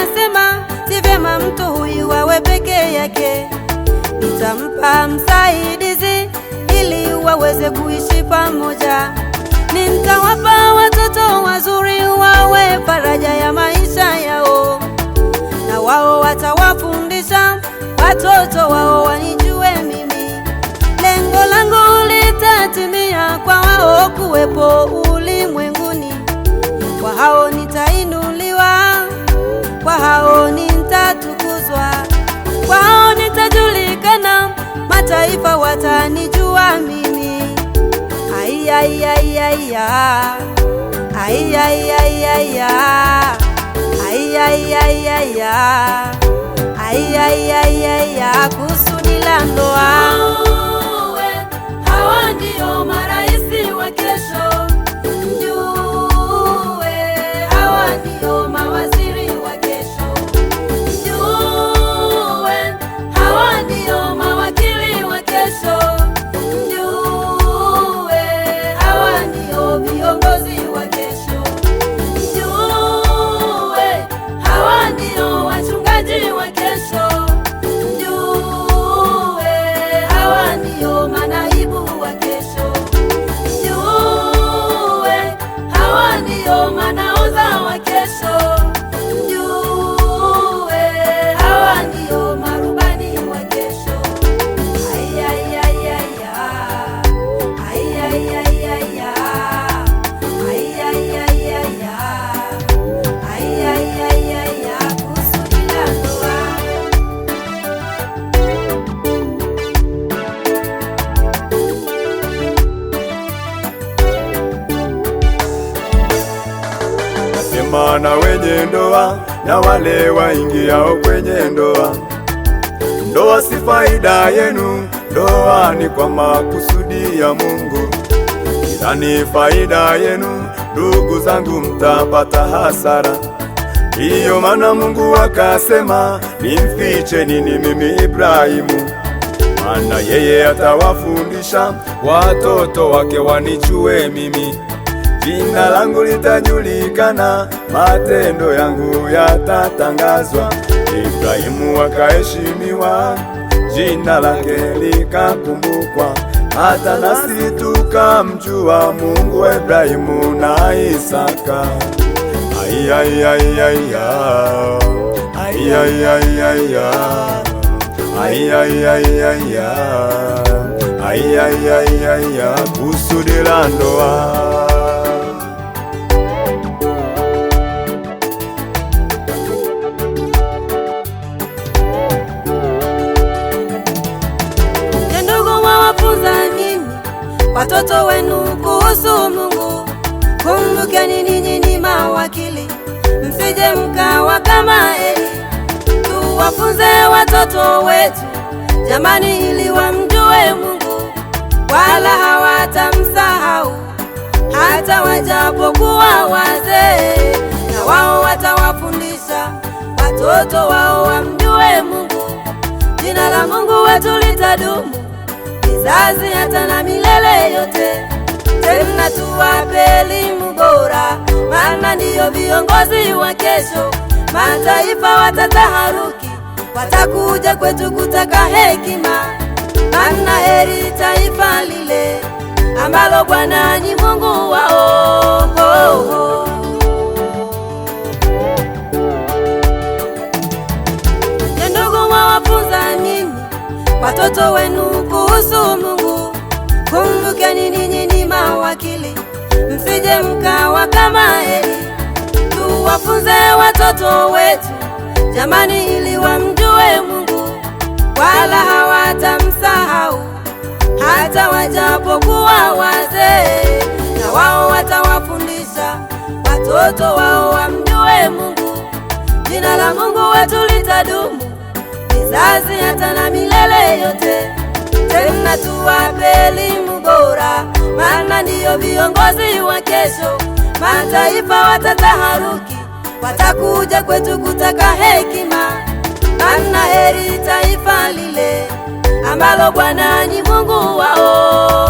anasema si vyema mtu huyu awe peke yake, nitampa msaidizi ili waweze kuishi pamoja. Nitawapa watoto wazuri wawe faraja ya maisha yao, na wao watawafundisha watoto wao wanijue mimi. Lengo langu litatimia kwa wao kuwepo ulimwenguni kwa hao mataifa watanijua mimi. Ai ai ai wema na wenye ndoa na wale waingiao kwenye ndoa. Ndoa si faida yenu, ndoa ni kwa makusudi ya Mungu. Ila ni faida yenu, ndugu zangu, mtapata hasara. Hiyo maana Mungu akasema, nimfiche nini mimi Ibrahimu? Maana yeye atawafundisha watoto wake wanichue mimi jina langu litajulikana, matendo yangu yatatangazwa. Ibrahimu akaheshimiwa, jina lake likakumbukwa, hata nasi tukamjua Mungu wa Ibrahimu na Isaka. Kusudi la ndoa Kumbukeni ninyi ni mawakili, msije mkawa kama Eli. Tuwafunze watoto wetu jamani, ili wamjue Mungu, wala hawatamsahau hata wajapokuwa wazee, na wao watawafundisha watoto wao wamjue Mungu. Jina la Mungu wetu litadumu kizazi hata na milele yote tena tuwape elimu bora, maana ndiyo viongozi wa kesho. Mataifa watataharuki, watakuja kwetu kutaka hekima, maana heri taifa lile ambalo Bwana ni Mungu wao. Oh, Ndugu, mwawafunza nini watoto wenu kuhusu Mungu? kumbukeni ninyi ni mawakili, msije mkawa kama Elia. Tuwafunze watoto wetu jamani, ili wamjue Mungu, wala hawatamsahau hata wajapokuwa wazee, na wao watawafundisha watoto wao wamjue Mungu. Jina la Mungu wetu litadumu vizazi hata na milele yote tena tuwape elimu bora, maana ndiyo viongozi wa kesho. Mataifa watataharuki, watakuja kwetu kutaka hekima, maana heri taifa lile ambalo Bwana ni Mungu wao.